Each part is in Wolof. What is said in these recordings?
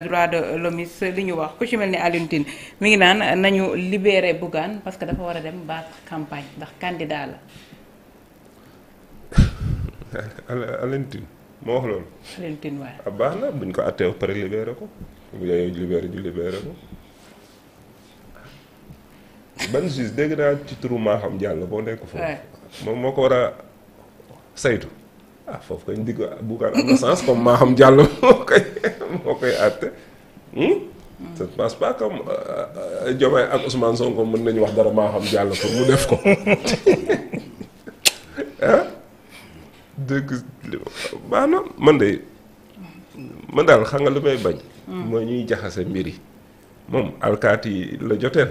droit de l'homme li ñu wax ku ci mel ni Alioune Tine mi ngi naan nañu libérer Bougane parce que dafa war a dem baax campagne ndax candidat la. Alioune moo wax loolu. Alioune Tine waaw. Ah, baax na buñ ko àttee ba pare libéré ko bu yaayee libéré ñu libéré ko ban juge dégg naa ci turu maa jàll boo nekk foofu. moom moo ko war a saytu. ah foofu koy ndig buukaan am na sens comme maa xam jàll moo koy moo koy àtte je hmm? hmm. ne pense comme euh, euh, Diomaye ak Ousmane Sonko mën nañu wax dara maa xam jàll pour mu def ko ah dëgg man de man daal xam nga lu may bañ hmm. mooy ñuy jaxase mbir moom alkaati la joteel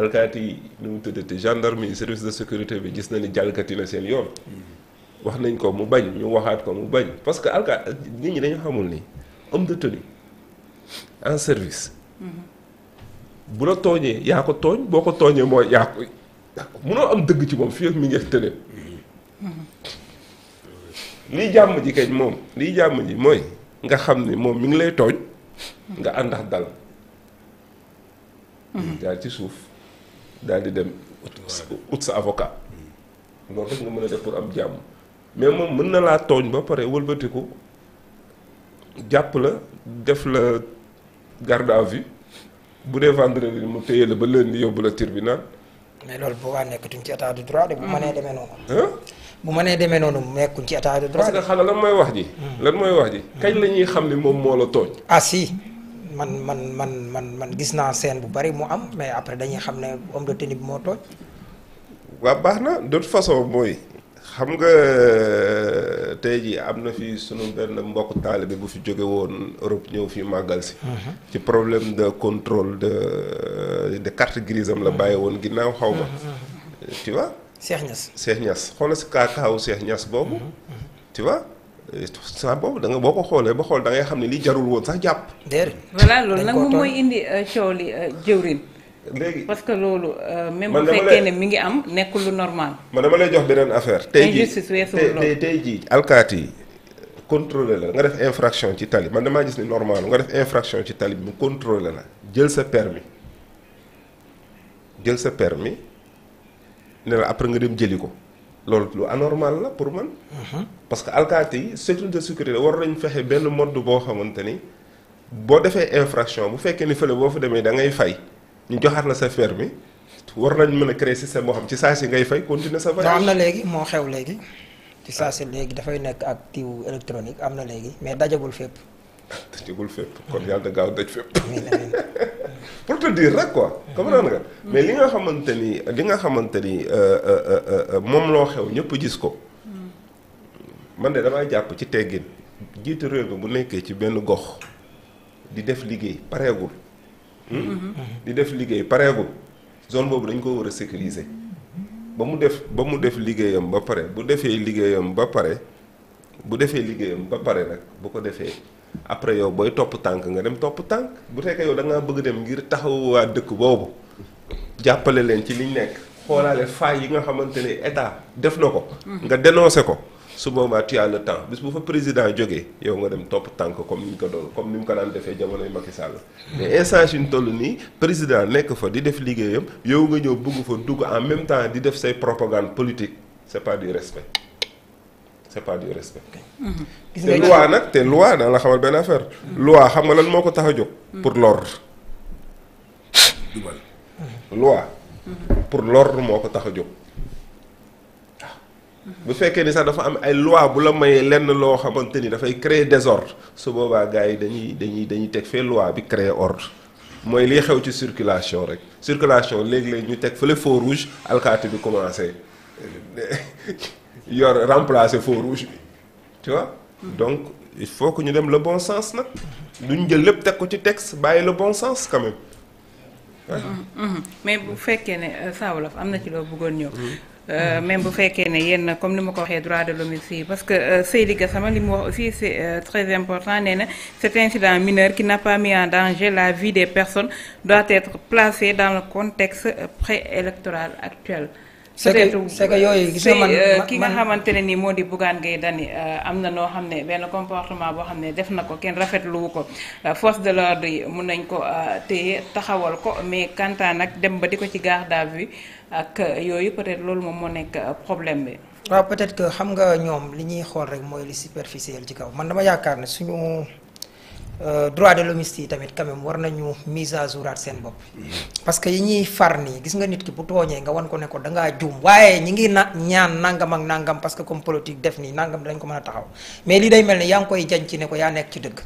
alkaati lu nu mu te gendarme yi service de sécurité bi gis na ni jalkati na seen yoon wax nañ ko mu bañ ñu waxaat ko mu bañ parce que alka nit ñi dañu xamul nii am de tenue en service. Mm-hmm. bu la tooñee yaa ko tooñ boo ko tooñee mooy yaa ko munoo am dëgg ci moom fii ak mi ngi tënee. Mm-hmm. jàmm ji kañ moom lii jàmm ji mooy nga xam ni moom mi ngi lay tooñ. nga mm-hmm. àndax dal. daal ci suuf daal di dem ut sa avocat. loolu rek nga mën a def pour am jàmm. mais moom mën na laa tooñ ba pare wëlbatiku jàpp la def la garde à vue bu dee vendredi mu téye la ba lundi yóbbu la tribunal. mais loolu bu waa nekkatuñ ci état de droit de bu mënee hmm. demee noonu. bu mënee demee noonu nekkuñ ci état de droit. parce que xam lan mooy wax ji. Hmm. lan mooy wax ji. Hmm. kañ la ñuy xam ni moom moo la tooñ. ah si man man man man man gis naa seen bu bari mu am mais après dañuy xam ne homme de tenue bi moo tooñ. waaw baax na de façon mooy. xam nga tey jii am na fi sunu benn mbokk taalibe bu fi jóge woon Europe ñëw fi màggal si. Mhm. ci problème de contrôle de de carte grise la mhm. bàyyi woon ginnaaw xaw ma. Mhm, tu vois. Cheikh Niass Cheikh Niass xoolal si kaakaawu Cheikh Niass boobu. tu vois. saa boobu da boo ko xoolee ba xool da ngay xam ne lii jarul woon sax jàpp. déedéet loolu nag mooy indi euh, coow li euh, léegi parce que loolu. Euh, même bu fekkee ne mi ngi am nekkul lu normal. man dama lay jox beneen affaire. tey jii tey tey jii alkaati yi contrôlé la nga def infraction ci tali man damaa gis ni normal nga def infraction ci tali bi mu contrôlé la jël sa permi jël sa permi ne la après nga dem jëli ko loolu lu la pour man. Mhm. parce que alkaati yi sécurité de sécurité war nañ fexe benn mode boo xamante ni boo defee infraction bu fekkee ni fële boo fa demee da ngay fay. ñu joxaat la sa permis war nañ mën a créer système boo xam ci saa si ngay fay continuer sa voyage. am na léegi moo xew léegi. ci saa si léegi dafay nekk ak tiw électronique am na léegi mais dajagul fépp. dajagul fépp kon yàlla gaaw daj fépp. pour te dire rek quoi. comprendre nga mm-hmm. mais li nga xamante ni li nga xamante ni euh, euh, euh, moom loo xew ñëpp gis ko. Mm-hmm. man de damay jàpp ci teggin jiitu réew mi bu nekkee ci benn gox di def liggéey pareegul. di def liggéey pareegul zone boobu dañ ko war a sécuriser ba mu def ba mu def liggéeyam ba pare bu defee liggéeyam ba pare bu defee liggéeyam ba pare nag bu ko defee après yow booy topp tànk nga dem topp tànk bu fekkee yow da ngaa bëgg dem ngir taxawu waa dëkk boobu jàppale leen ci liñ nekk xoolaale faay yi nga xamante ne état def na ko. nga dénoncé ko. su boobaa tu le temps bis bu fa président jógee yow nga dem topp tànk comme ni ñu ko doon comme ni mu ko daan defee jamonoy Macky Sall. mais instant suñ toll nii président nekk fa di def liggéeyam yow nga ñëw bëgg fa dugg en même temps di def say propagande politique c' est pas du respect c' est mhm. te loi nag te loi daan la xamal benn affaire. loi xam nga lan moo ko tax a jóg. Mhm. pour l'ordre mhm. loi pour l'ordre moo ko tax a jóg. bu fekkee ni sax dafa am ay loi bu la mayee lenn loo xamante ni dafay créer désordre su boobaa gars yi dañuy dañuy dañuy teg fee loi bi créer ordre mooy lii xew ci circulation rek circulation léegi-léegi ñu teg fële feu rouge alkaati bi commencé yor remplacer feu rouge bi tu vois donc il faut que ñu dem le bon sens nag duñ jël lépp teg ko ci texte bàyyi le bon sens quand mmh, mmh. mais bu fekkee ne euh, Saa Wolof am na ci loo bëggoon ñëw mmh. Euh, même bu fekkee ne yéen comme ni ma ko waxee droit de l'homme fii parce que euh, Seydi Gassama li mu wax aussi c'est euh, très important nee na cet incident mineur qui n'a pas mis en danger la vie des personnes doit être placé dans le contexte préélectoral actuel peut-être c'est que yooyu gis nga eh, man ki nga xamante ne nii moo di Bougane Gueye Dany eh, am na noo xam ne benn comportement boo xam ne def na ko kenn rafetluwu ko eh, force de l'ordre yi mun nañ ko téye taxawal ko mais kantaan nag dem ba di ko ci garde à vue ak yooyu peut-être loolu moom moo nekk problème bi. waaw peut-être que xam nga ñoom li ñuy xool rek mooy li superficiel ci kaw man dama yaakaar ne suñu. Euh, droit de l'homiste yi tamit quand war nañu mise à jour seen bopp parce que yi ñuy far nii gis nga nit ki bu tooñee nga wan ko ne ko da ngaa juum waaye ñi ngi na ñaan nangam ak nangam parce que comme politique def nii nangam dañ ko mën a taxaw mais li day mel ni yaa ngi koy jañ ci ne ko yaa nekk ci dëgg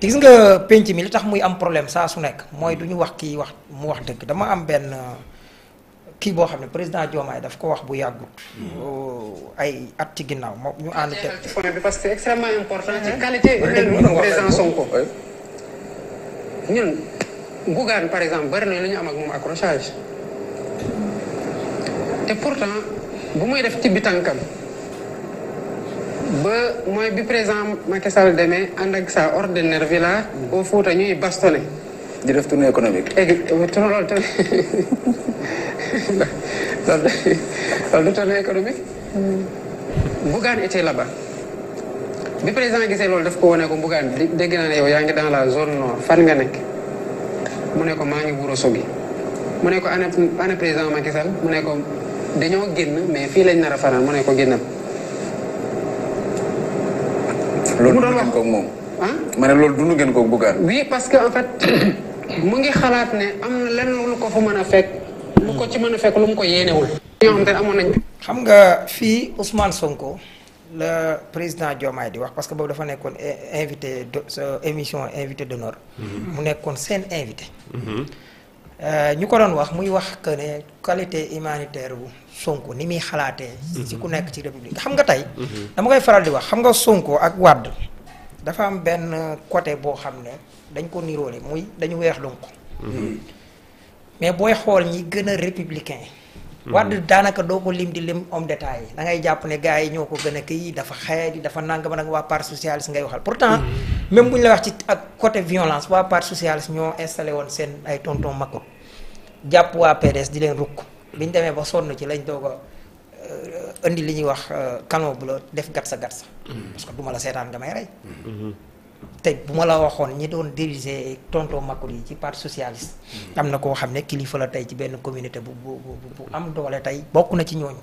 te gis nga penc mi li tax muy am problème saa su nekk mooy du ñu wax kii wax mu wax dëgg dama am benn kii boo xam ne président Diomaye daf ko wax bu yàggut mm-hmm. ay at ci ginnaaw moom ñu ànd te point bi parce que c'est extrêmement important ci qualité humaine par exemple bari na lu ñu am ak moom accrochage te pourtant bu muy def tibbi tànkam ba mooy bi président Macky Sall demee ànd ak sa ordinaire villa au Fouta ñuy bastonné di def tournée économique. Eh, eh, léegi loolu tamit loolu loolu du tournée économique. Mm. Bougane bi président gisee loolu def ko wone ko Bougane dégg naa ne yow yaa ngi dans la zone nord fan nga nekk mu ne ko maa ngi Wuro Sogi mu ne ko ana président Macky Sall mu ne ko dañoo génn mais fii lañ nar a fanaan mu ne ko génnal. loolu du ngeen ko moom. ma ne loolu du ngeen ko Bougane. oui parce que en fait. mu ngi xalaat ne am na lenn lu ko fu mën a fekk. lu ko ci mën a fekk lu mu ko yéenewul. ñoo xam amoon nañ. xam nga fii Ousmane Sonko la président Diomaye di wax parce que boobu dafa nekkoon invité sa émission invité d'honneur mhm. mu nekkoon seen invité. Mhm. Euh, ñu ko doon wax muy wax que ne qualité humanitaire bu Sonko ni muy xalaatee. ci ku mhm. nekk ci république xam nga tey. dama koy faral di wax xam nga Sonko ak wàdd dafa am benn côté boo xam ne dañ ko niroole muy dañu weex donc mais booy xool ñi gën a républicain mhm. wadd daanaka doo ko lim di lim homme d'état yi da ngay jàpp ne gars yi ñoo ko gën a kii dafa xeet yi dafa ma nag waa parti socialiste ngay waxal pourtant mhm. même bu ñu la wax ci ak côté violence waa parti socialiste ñoo installé woon seen ay tonton Makko jàpp waa PDS di leen rukk bi ñu demee ba sonn ci lañ doog a Euh, indi li ñuy wax euh, canon bu la def gatsa gatsa. parce que du ma la seetaan nga may rey. tey bu ma la waxoon ñi doon diriger tonton Makuri yi ci parti socialiste. am na koo xam ne kilifa la tey ci benn communauté bu bu bu am doole tey bokk na ci ñooñu.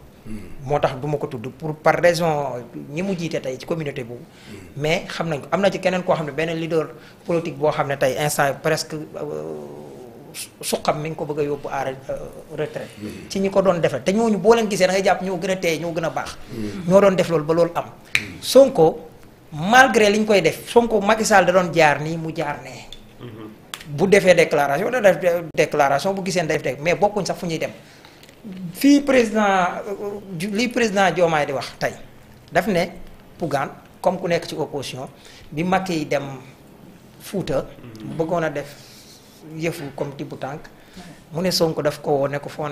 moo tax du ma ko tudd pour par raison ñi mu jiite tey ci communauté boobu. mais xam nañ ko am na ci keneen koo xam ne benn leader politique boo xam ne tey instant presque. Euh, suqam mi ngi ko bëgg a yóbbu à euh, retraite ci ñi ko doon defee te ñooñu boo leen gisee da jàpp ñoo gën a teey ñoo gën a baax ñoo doon def loolu ba loolu am Sonko malgré li ñu koy def Sonko Macky Sall da doon jaar nii mu jaar nee bu defee déclaration da def déclaration bu gisee def mais bokkuñ sax fu ñuy dem fii président euh, euh, li président Diomaye di wax tey daf ne Bougane comme ku nekk ci opposition bi Macky dem Fuuta bëggoon a def yëfu comme tibb tànk mu ne Sonko daf ko woo ne ko foo